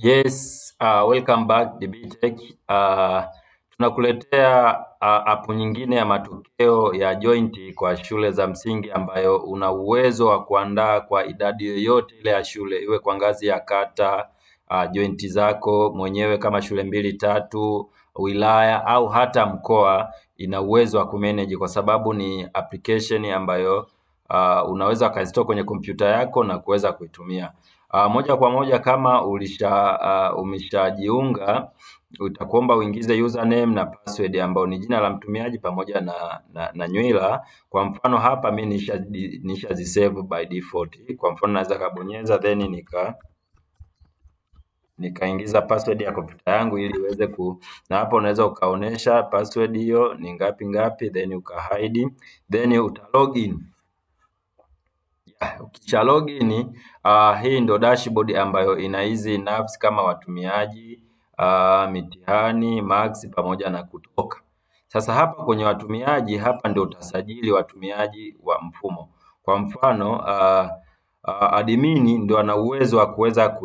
Yes, uh, welcome back DB Uh, tunakuletea uh, apu nyingine ya matokeo ya joint kwa shule za msingi ambayo una uwezo wa kuandaa kwa idadi yoyote ile ya shule, iwe kwa ngazi ya kata, uh, joint zako mwenyewe kama shule mbili tatu, wilaya au hata mkoa, ina uwezo wa kumanage kwa sababu ni application ambayo uh, unaweza ukazitoa kwenye kompyuta yako na kuweza kuitumia. Uh, moja kwa moja kama ulisha uh, umeshajiunga utakuomba uingize username na password ambayo ni jina la mtumiaji pamoja na, na, na nywila. Kwa mfano hapa mi nisha, nisha zisave by default. Kwa mfano naweza kabonyeza then nika nikaingiza password ya kompyuta yangu ili iweze ku, na hapo unaweza ukaonesha password hiyo ni ngapi ngapi, then uka hide, then uta login. Ukisha login ah, hii ndo dashboard ambayo ina hizi nafsi kama watumiaji, ah, mitihani, max pamoja na kutoka. Sasa hapa kwenye watumiaji, hapa ndio utasajili watumiaji wa mfumo. Kwa mfano ah, admin ndio ana uwezo wa kuweza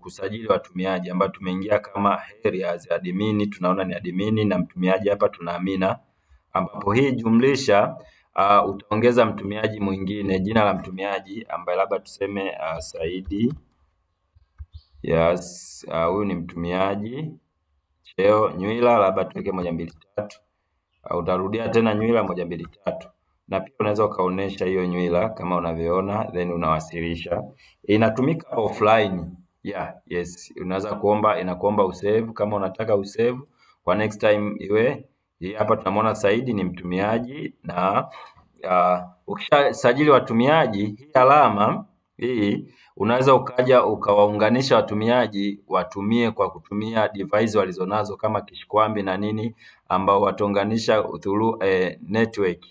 kusajili watumiaji ambao tumeingia kama areas admin, tunaona ni admin na mtumiaji hapa tuna Amina ambapo hii jumlisha uh, utaongeza mtumiaji mwingine, jina la mtumiaji ambaye labda tuseme uh, Saidi. Yes, uh, huyu uh, ni mtumiaji. Cheo, nywila labda tuweke moja mbili tatu. Uh, utarudia tena nywila moja mbili tatu na pia unaweza ukaonesha hiyo nywila kama unavyoona, then unawasilisha. Inatumika offline yeah, yes, unaweza kuomba, inakuomba usave kama unataka usave kwa next time iwe hapa tunamwona Saidi ni mtumiaji na uh, ukishasajili watumiaji hii alama hii unaweza ukaja ukawaunganisha watumiaji watumie kwa kutumia device walizonazo kama kishikwambi na nini, ambao wataunganisha through eh, network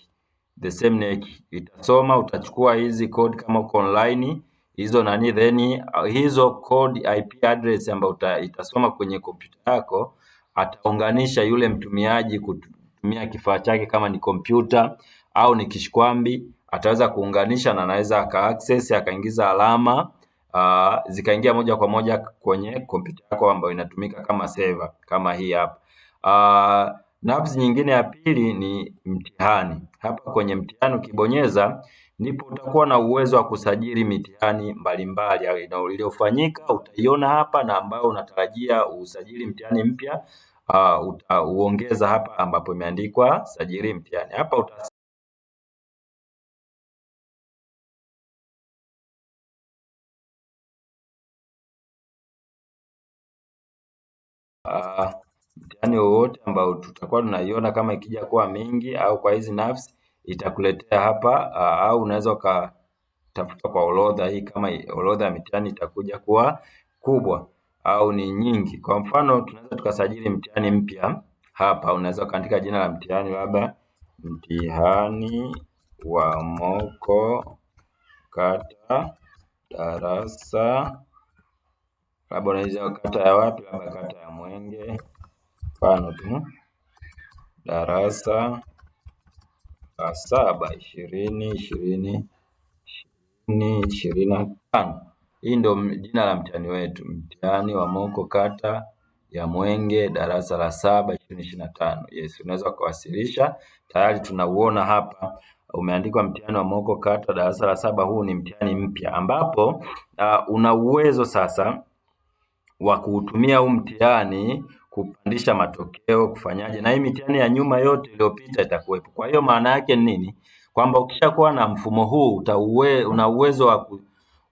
the same network. Itasoma utachukua hizi code kama uko online hizo nani, then hizo code IP address ambayo itasoma kwenye kompyuta yako ataunganisha yule mtumiaji kutumia kifaa chake kama ni kompyuta au ni kishkwambi ataweza kuunganisha na anaweza access akaingiza alama uh, zikaingia moja kwa moja kwenye kompyuta yako ambayo inatumika kama server kama hii hapa. Uh, nafsi nyingine ya pili ni mtihani. Hapa kwenye mtihani ukibonyeza ndipo utakuwa na uwezo wa kusajili mitihani mbalimbali iliyofanyika, utaiona hapa na ambayo unatarajia usajili mtihani mpya uh, utauongeza hapa ambapo imeandikwa sajili mtihani hapa uta Uh, mtihani wowote ambao tutakuwa tunaiona kama ikija kuwa mingi au kwa hizi nafsi itakuletea hapa au unaweza ukatafuta kwa orodha hii, kama orodha ya mitihani itakuja kuwa kubwa au ni nyingi. Kwa mfano tunaweza tukasajili mtihani mpya hapa, unaweza ukaandika jina la mtihani labda mtihani wa moko kata darasa labda unaweza kata ya wapi, labda kata ya Mwenge, mfano tu darasa saba, ishirini, ishirini, ishirini, ishirini na tano. Hii ndio jina la mtihani wetu, mtihani wa moko kata ya Mwenge darasa la saba ishirini ishirini na tano. Yes, unaweza ukawasilisha. Tayari tunauona hapa umeandikwa mtihani wa moko kata darasa la saba. Huu ni mtihani mpya ambapo uh, una uwezo sasa wa kuutumia huu mtihani kupandisha matokeo, kufanyaje, na hii mitihani ya nyuma yote iliyopita itakuwepo. Kwa hiyo maana yake ni nini? Kwamba ukishakuwa na mfumo huu utauwe, una uwezo wa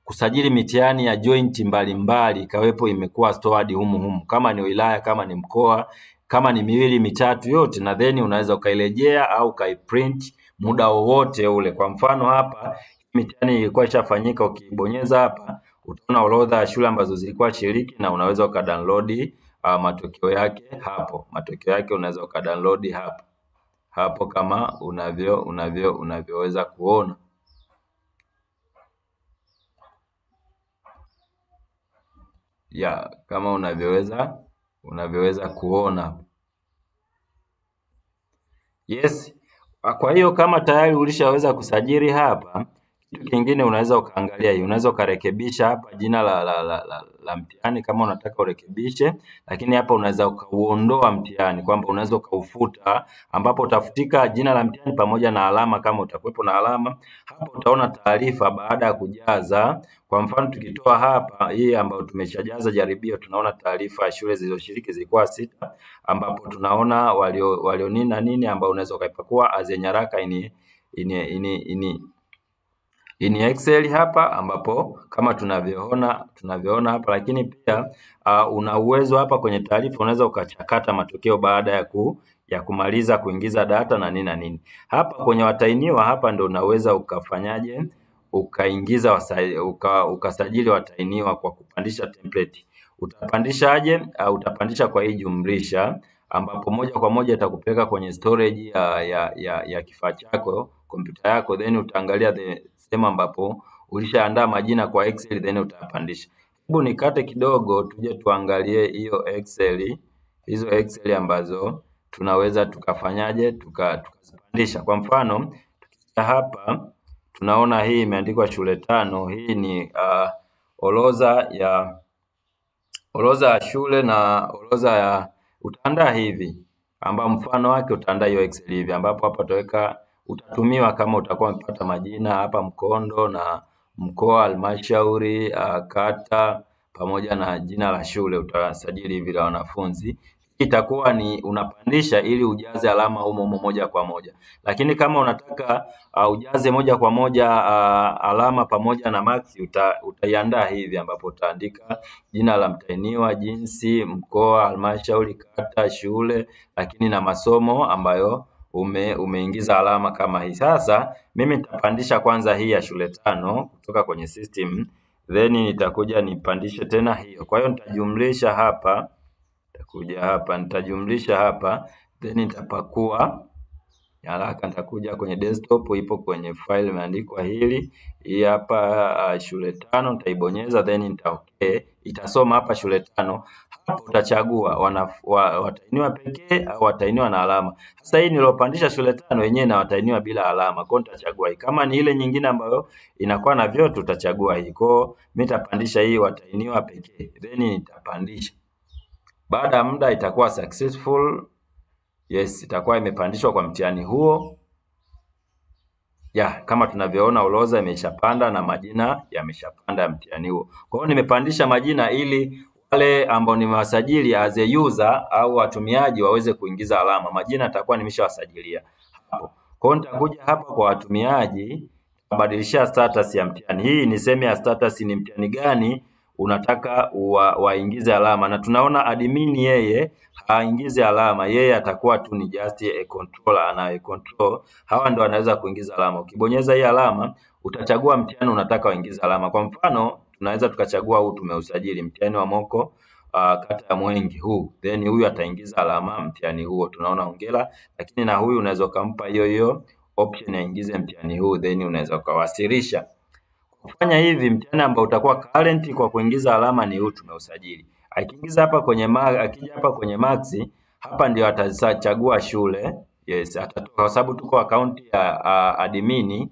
kusajili mitihani ya joint mbalimbali ikawepo imekuwa stored humu humu, kama ni wilaya, kama ni mkoa, kama ni miwili mitatu yote, na then unaweza ukairejea au ukaiprint muda wowote ule. Kwa mfano hapa mitihani ilikuwa ishafanyika, ukibonyeza hapa utaona orodha ya shule ambazo zilikuwa shiriki na unaweza ukadownload Ah, matokeo yake hapo. Matokeo yake unaweza ukadownload hapo hapo kama unavyo unavyo unavyoweza kuona. Ya, kama unavyoweza unavyoweza kuona. Yes. Kwa hiyo kama tayari ulishaweza kusajili hapa kitu kingine unaweza ukaangalia hii, unaweza ukarekebisha hapa jina la, la, la, la, la mtihani kama unataka urekebishe, lakini hapa unaweza ukauondoa mtihani kwamba unaweza ukaufuta, ambapo utafutika jina la mtihani pamoja na alama kama utakuwepo na alama. Hapa utaona taarifa baada ya kujaza. Kwa mfano tukitoa hapa hii ambayo tumeshajaza jaribio, tunaona taarifa ya shule zilizoshiriki zilikuwa sita, ambapo tunaona walio walionina nini, ambao unaweza ukaipakua azenyaraka ini, ini ini ini, ini hii ni Excel hapa ambapo kama tunavyoona tunavyoona hapa lakini pia uh, una uwezo hapa kwenye taarifa unaweza ukachakata matokeo baada ya ku ya kumaliza kuingiza data na nini na nini. Hapa kwenye watainiwa hapa ndo unaweza ukafanyaje ukaingiza uka, ukasajili watainiwa kwa kupandisha template. Utapandishaje? Uh, utapandisha kwa hii jumlisha ambapo moja kwa moja itakupeleka kwenye storage ya ya, ya, ya kifaa chako kompyuta yako then utaangalia the sehemu ambapo ulishaandaa majina kwa Excel then utapandisha. Hebu nikate kidogo, tuje tuangalie hiyo Excel, hizo Excel ambazo tunaweza tukafanyaje, tukazipandisha. Tuka kwa mfano tukija hapa tunaona hii imeandikwa shule tano. Hii ni uh, orodha ya orodha ya shule na orodha ya utaandaa hivi, ambao mfano wake utaandaa hiyo Excel hivi, ambapo hapa utaweka utatumiwa kama utakuwa umepata majina hapa Mkondo na mkoa, halmashauri, eh, kata pamoja na jina la shule utasajili hivi la wanafunzi. Itakuwa ni unapandisha ili ujaze alama humo humo moja kwa moja, lakini kama unataka uh, ujaze moja kwa moja uh, alama pamoja na maksi uta, utaiandaa hivi ambapo utaandika jina la mtainiwa jinsi, mkoa, halmashauri, kata, shule, lakini na masomo ambayo ume, umeingiza alama kama hii. Sasa mimi nitapandisha kwanza hii ya shule tano kutoka kwenye system, then nitakuja nipandishe tena hiyo. Kwa hiyo nitajumlisha hapa, nitakuja hapa nitajumlisha hapa then nitapakua Nyaraka nitakuja kwenye desktop, ipo kwenye file imeandikwa hili. Hii hapa uh, shule tano, nitaibonyeza then nita okay. Itasoma hapa shule tano. Hapo utachagua watahiniwa pekee au watainiwa na alama. Sasa hii nilopandisha shule tano yenyewe na watainiwa bila alama, kwa nitachagua hii. Kama ni ile nyingine ambayo inakuwa na vyote, utachagua hii. Kwa mimi nitapandisha hii watainiwa pekee, then nitapandisha. Baada ya muda itakuwa successful. Yes, itakuwa imepandishwa kwa mtihani huo. Ya, kama tunavyoona uloza imeshapanda na majina yameshapanda ya mtihani huo. Kwa hiyo nimepandisha majina ili wale ambao nimewasajili as a user au watumiaji waweze kuingiza alama. Majina atakuwa nimeshawasajilia hapo. Kwa hiyo nitakuja hapa kwa watumiaji, nitabadilisha status ya mtihani. Hii niseme ya status ni mtihani gani unataka wa, waingize alama, na tunaona admin yeye aingize alama, yeye atakuwa tu ni just a controller anaye control. Hawa ndio wanaweza kuingiza alama. Ukibonyeza hii alama, utachagua mtihani unataka waingize alama. Kwa mfano, tunaweza tukachagua huu tumeusajili, mtihani wa moko uh, kata ya Mwengi huu, then huyu ataingiza alama mtihani huo, tunaona ongela. Lakini na huyu unaweza ukampa hiyo hiyo option aingize mtihani huu, then unaweza ukawasilisha Kufanya hivi mtihani ambao utakuwa current kwa kuingiza alama ni huu tumeusajili. Akiingiza hapa kwenye mark, akija hapa kwenye marks, hapa ndio atachagua shule. Yes, atatoka kwa sababu tuko account ya uh, admin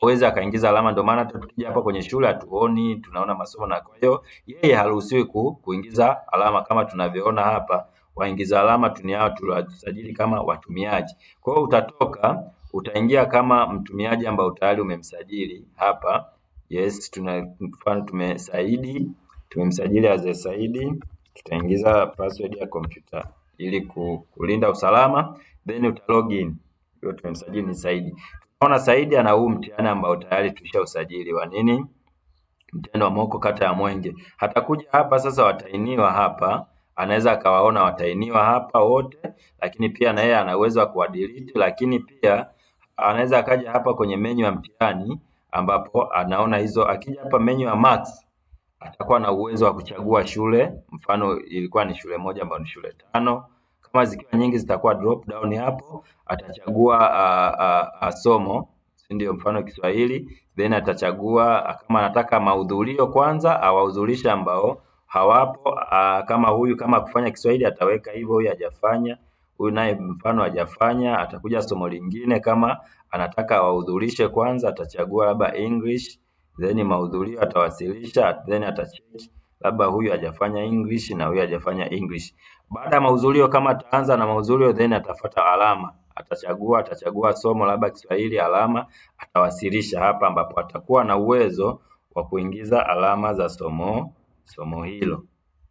hawezi akaingiza alama, ndio maana tukija hapa kwenye shule hatuoni, tunaona masomo na kwa hiyo yeye haruhusiwi ku, kuingiza alama kama tunavyoona hapa. Waingiza alama hao tuliwasajili kama watumiaji. Kwa hiyo utatoka utaingia kama mtumiaji ambao tayari umemsajili hapa. Yes, tuna mfano tumesaidi, tumemsajili Azee Saidi, tutaingiza password ya kompyuta ili kulinda usalama, then uta login. in. Hiyo tumemsajili ni Saidi. Tunaona Saidi ana huu mtihani ambao tayari tulisha usajili wa nini? Mtihani wa moko kata ya Mwenge. Hatakuja hapa sasa, watainiwa hapa anaweza akawaona watainiwa hapa wote, lakini pia na yeye ana uwezo wa kuwadelete, lakini pia anaweza akaja hapa kwenye menyu ya mtihani ambapo anaona hizo. Akija hapa menu ya max atakuwa na uwezo wa kuchagua shule, mfano ilikuwa ni shule moja ambayo ni shule tano. Kama zikiwa nyingi zitakuwa drop down hapo, atachagua a, a, a somo ndio mfano Kiswahili, then atachagua kama anataka mahudhurio kwanza, awahudhurisha ambao hawapo. kama huyu kama kufanya Kiswahili ataweka hivyo, huyu hajafanya huyu naye mfano hajafanya, atakuja somo lingine. Kama anataka awahudhurishe kwanza, atachagua labda English, then mahudhurio atawasilisha, then atacheki labda huyu hajafanya English na huyu hajafanya English. Baada ya mahudhurio, kama ataanza na mahudhurio, then atafuta alama, atachagua atachagua somo labda Kiswahili, alama atawasilisha hapa, ambapo atakuwa na uwezo wa kuingiza alama za somo somo hilo,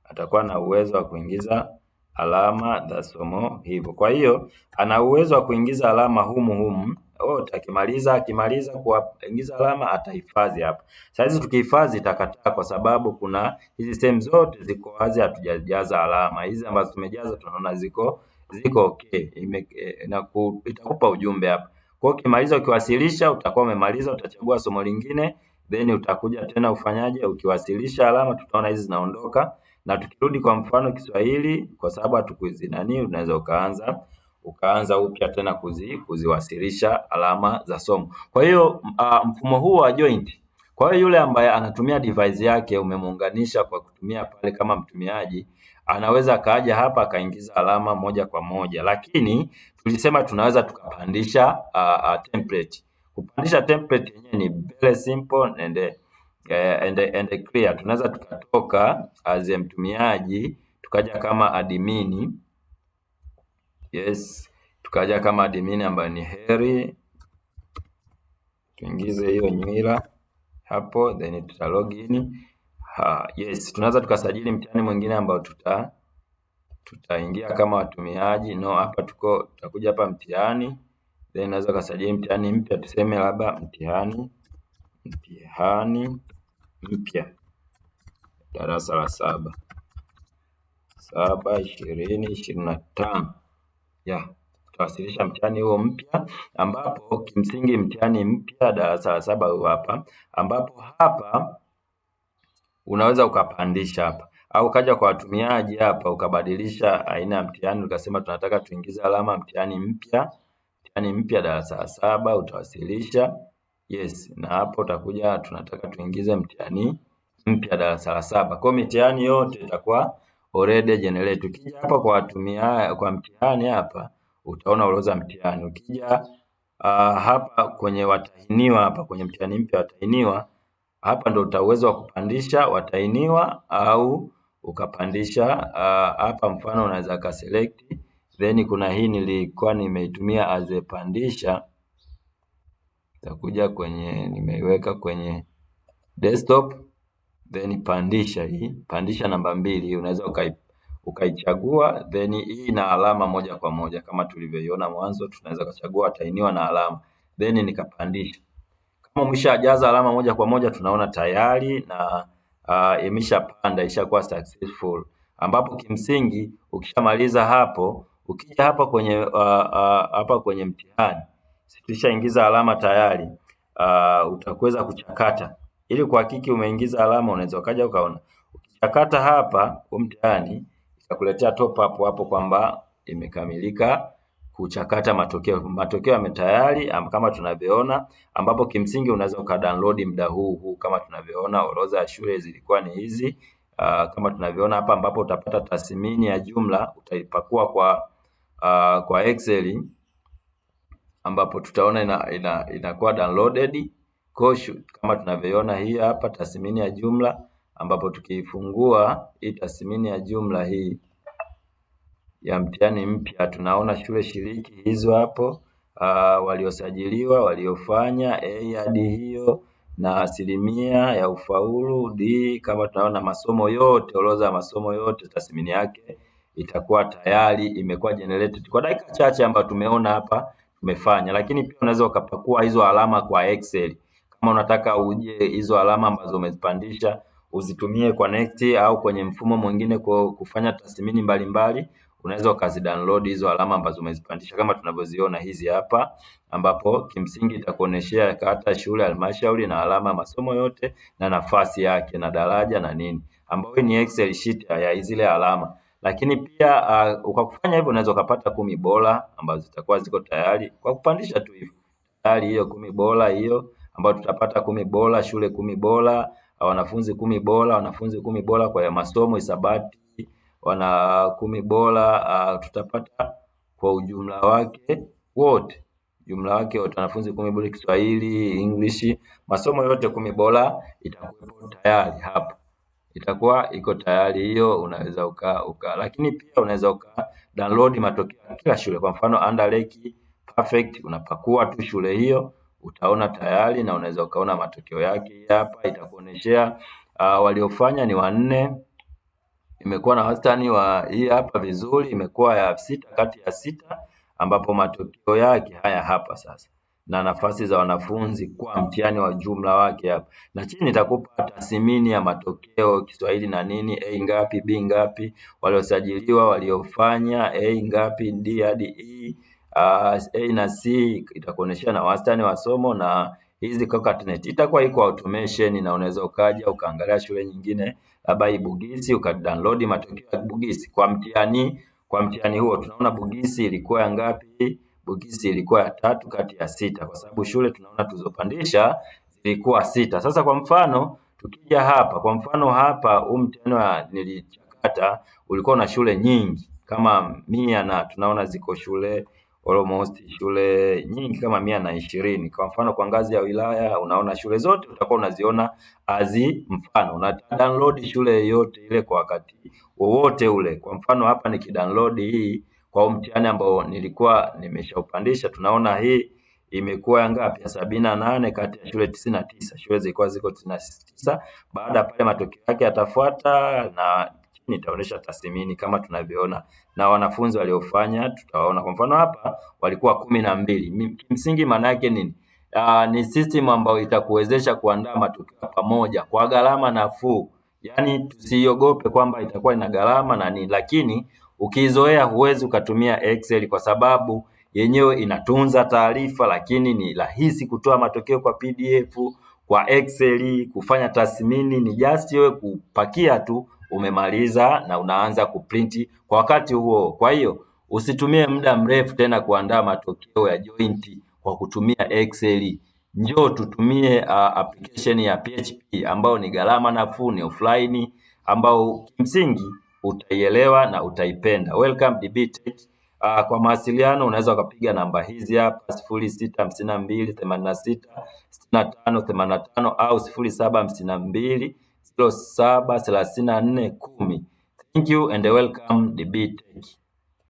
atakuwa na uwezo wa kuingiza alama za somo hivyo. Kwa hiyo ana uwezo wa kuingiza alama humu humu wote, akimaliza akimaliza kuingiza alama atahifadhi hapa. Sasa hizi tukihifadhi itakataa, kwa sababu kuna hizi sehemu zote ziko wazi, hatujajaza alama hizi ambazo tumejaza, tunaona ziko ziko okay, Ime, na itakupa ujumbe hapa. Kwa hiyo ukimaliza, ukiwasilisha utakuwa umemaliza, utachagua somo lingine then utakuja tena ufanyaje, ukiwasilisha alama, tutaona hizi zinaondoka. Na tukirudi kwa mfano Kiswahili, kwa sababu hatukuzi nani, unaweza ukaanza ukaanza upya tena kuzi kuziwasilisha alama za somo. Kwa hiyo ah, mfumo huu wa joint, kwa hiyo yule ambaye anatumia device yake umemuunganisha kwa kutumia pale kama mtumiaji anaweza akaja hapa akaingiza alama moja kwa moja, lakini tulisema tunaweza tukapandisha ah, ah, template. Kupandisha template yenyewe ni very simple and eh, and, and clear. Tunaweza tukatoka as mtumiaji tukaja kama admin. yes, tukaja kama admin ambayo ni Heri, tuingize hiyo nywila hapo, then tuta login. Ha, yes, tunaweza tukasajili mtihani mwingine ambao tuta tutaingia kama watumiaji no. Hapa tuko tutakuja hapa mtihani, then naweza kusajili mtihani mpya, tuseme labda mtihani mtihani mpya darasa la saba saba ishirini ishirini na tano ya tutawasilisha mtihani huo mpya, ambapo kimsingi mtihani mpya darasa la saba huu hapa, ambapo hapa unaweza ukapandisha hapa au ukaja kwa watumiaji hapa ukabadilisha aina ya mtihani, ukasema tunataka tuingize alama mtihani mpya, mtihani mpya darasa la saba utawasilisha yes na hapo utakuja tunataka tuingize mtihani mpya darasa la saba. Kwa mitihani yote itakuwa already generate. Ukija hapa kwa watumia kwa mtihani hapa utaona uloza mtihani. Ukija uh, hapa kwenye watahiniwa hapa kwenye mtihani mpya watahiniwa hapa ndo utaweza kupandisha watahiniwa au ukapandisha uh, hapa mfano unaweza ka select then kuna hii nilikuwa nimeitumia azepandisha Itakuja kwenye, nimeiweka kwenye desktop, then pandisha hii, pandisha namba mbili, unaweza ukai, ukaichagua then hii ina alama moja kwa moja kama tulivyoiona mwanzo, tunaweza kuchagua atainiwa na alama then nikapandisha. Kama umeshajaza alama moja kwa moja, tunaona tayari na uh, imeshapanda ishakuwa successful, ambapo kimsingi ukishamaliza hapo, ukija hapa kwenye uh, uh, hapa kwenye mtihani tulishaingiza alama tayari, uh, utakuweza kuchakata ili kuhakiki umeingiza alama. Unaweza ukaja ukaona ukichakata hapa huu mtihani itakuletea top up hapo kwamba imekamilika kuchakata matokeo. Matokeo yametayari kama tunavyoona, ambapo kimsingi unaweza ukadownload muda huu huu kama tunavyoona, orodha ya shule zilikuwa ni hizi. Uh, kama tunavyoona hapa ambapo utapata tathmini ya jumla, utaipakua kwa uh, kwa Excel ambapo tutaona ina, ina, ina downloaded kosho kama tunavyoona hii hapa tathmini ya jumla, ambapo tukiifungua hii tathmini ya jumla hii ya mtihani mpya tunaona shule shiriki hizo hapo, uh, waliosajiliwa waliofanya A hadi hiyo na asilimia ya ufaulu D. Kama tunaona masomo yote, orodha ya masomo yote, tathmini yake itakuwa tayari imekuwa generated kwa dakika chache ambayo tumeona hapa umefanya, lakini pia unaweza ukapakua hizo alama kwa Excel kama unataka uje hizo alama ambazo umezipandisha uzitumie kwa Next au kwenye mfumo mwingine kwa kufanya tathmini mbalimbali, unaweza download hizo alama ambazo umezipandisha kama tunavyoziona hizi hapa, ambapo kimsingi itakuoneshea hata shule, halmashauri na alama masomo yote na nafasi yake na daraja na nini, ambayo ni Excel sheet ya zile alama. Lakini pia uh, kwa kufanya hivyo unaweza ukapata kumi bora ambazo zitakuwa ziko tayari kwa kupandisha tu hivyo tayari hiyo kumi bora hiyo ambayo tutapata kumi bora, shule kumi bora, wanafunzi kumi bora, wanafunzi kumi bora kwa masomo hisabati, wana kumi bora uh, tutapata kwa ujumla wake wote jumla wake wote wanafunzi kumi bora Kiswahili, English masomo yote kumi bora itakuwa tayari hapo itakuwa iko tayari hiyo, unaweza uka, uka. Lakini pia unaweza uka download matokeo ya kila shule, kwa mfano Underlake Perfect, unapakua tu shule hiyo utaona tayari, na unaweza ukaona matokeo yake hapa, itakuoneshea uh, ah, waliofanya ni wanne, imekuwa na wastani wa hii hapa vizuri, imekuwa ya sita kati ya sita, ambapo matokeo yake haya hapa sasa na nafasi za wanafunzi kwa mtihani wa jumla wake hapa, na chini nitakupa tathmini ya matokeo Kiswahili na nini, A ngapi, B ngapi, waliosajiliwa, waliofanya A ngapi, D hadi E, uh, A na C, itakuonyesha na wastani wa somo na hizi Cocardenet itakuwa iko automation, na unaweza ukaja ukaangalia shule nyingine labda Ibugisi ukadownload matokeo ya Bugisi kwa mtihani kwa mtihani huo. Tunaona Bugisi ilikuwa ngapi? Bogisi ilikuwa ya tatu kati ya sita, kwa sababu shule tunaona tulizopandisha zilikuwa sita. Sasa kwa mfano tukija hapa, kwa mfano hapa huu mtihani nilichakata ulikuwa na shule nyingi kama mia na tunaona ziko shule almost shule nyingi kama mia na ishirini. Kwa mfano kwa ngazi ya wilaya, unaona shule zote utakuwa unaziona azi mfano, una download shule yote ile kwa wakati wowote ule. Kwa mfano hapa nikidownload hii kwa mtihani ambao nilikuwa nimeshaupandisha, tunaona hii imekuwa ngapi? Ya sabini na nane kati ya shule tisini na tisa. Shule zilikuwa ziko tisini na tisa. Baada ya pale matokeo yake yatafuata na nitaonyesha tathmini kama tunavyoona na wanafunzi waliofanya tutawaona. Kwa mfano hapa walikuwa kumi na mbili. Kimsingi maana yake nini? Uh, ni system ambayo itakuwezesha kuandaa matokeo pamoja kwa gharama nafuu, yaani tusiogope kwamba itakuwa ina gharama na nini, lakini Ukiizoea huwezi ukatumia excel kwa sababu yenyewe inatunza taarifa, lakini ni rahisi kutoa matokeo kwa pdf, kwa excel, kufanya tathmini. Ni just wewe kupakia tu umemaliza na unaanza kuprinti kwa wakati huo. Kwa hiyo usitumie muda mrefu tena kuandaa matokeo ya joint kwa kutumia excel. Njoo tutumie uh, application ya PHP ambayo ni gharama nafuu, ni offline, ambao kimsingi utaielewa na utaipenda. Welcome DB Tech. Uh, kwa mawasiliano unaweza ukapiga namba hizi hapa sifuri sita hamsini na mbili themanini na sita sitini na tano themanini na tano au sifuri saba hamsini na mbili sifuri saba thelathini na nne kumi. Thank you and welcome DB Tech.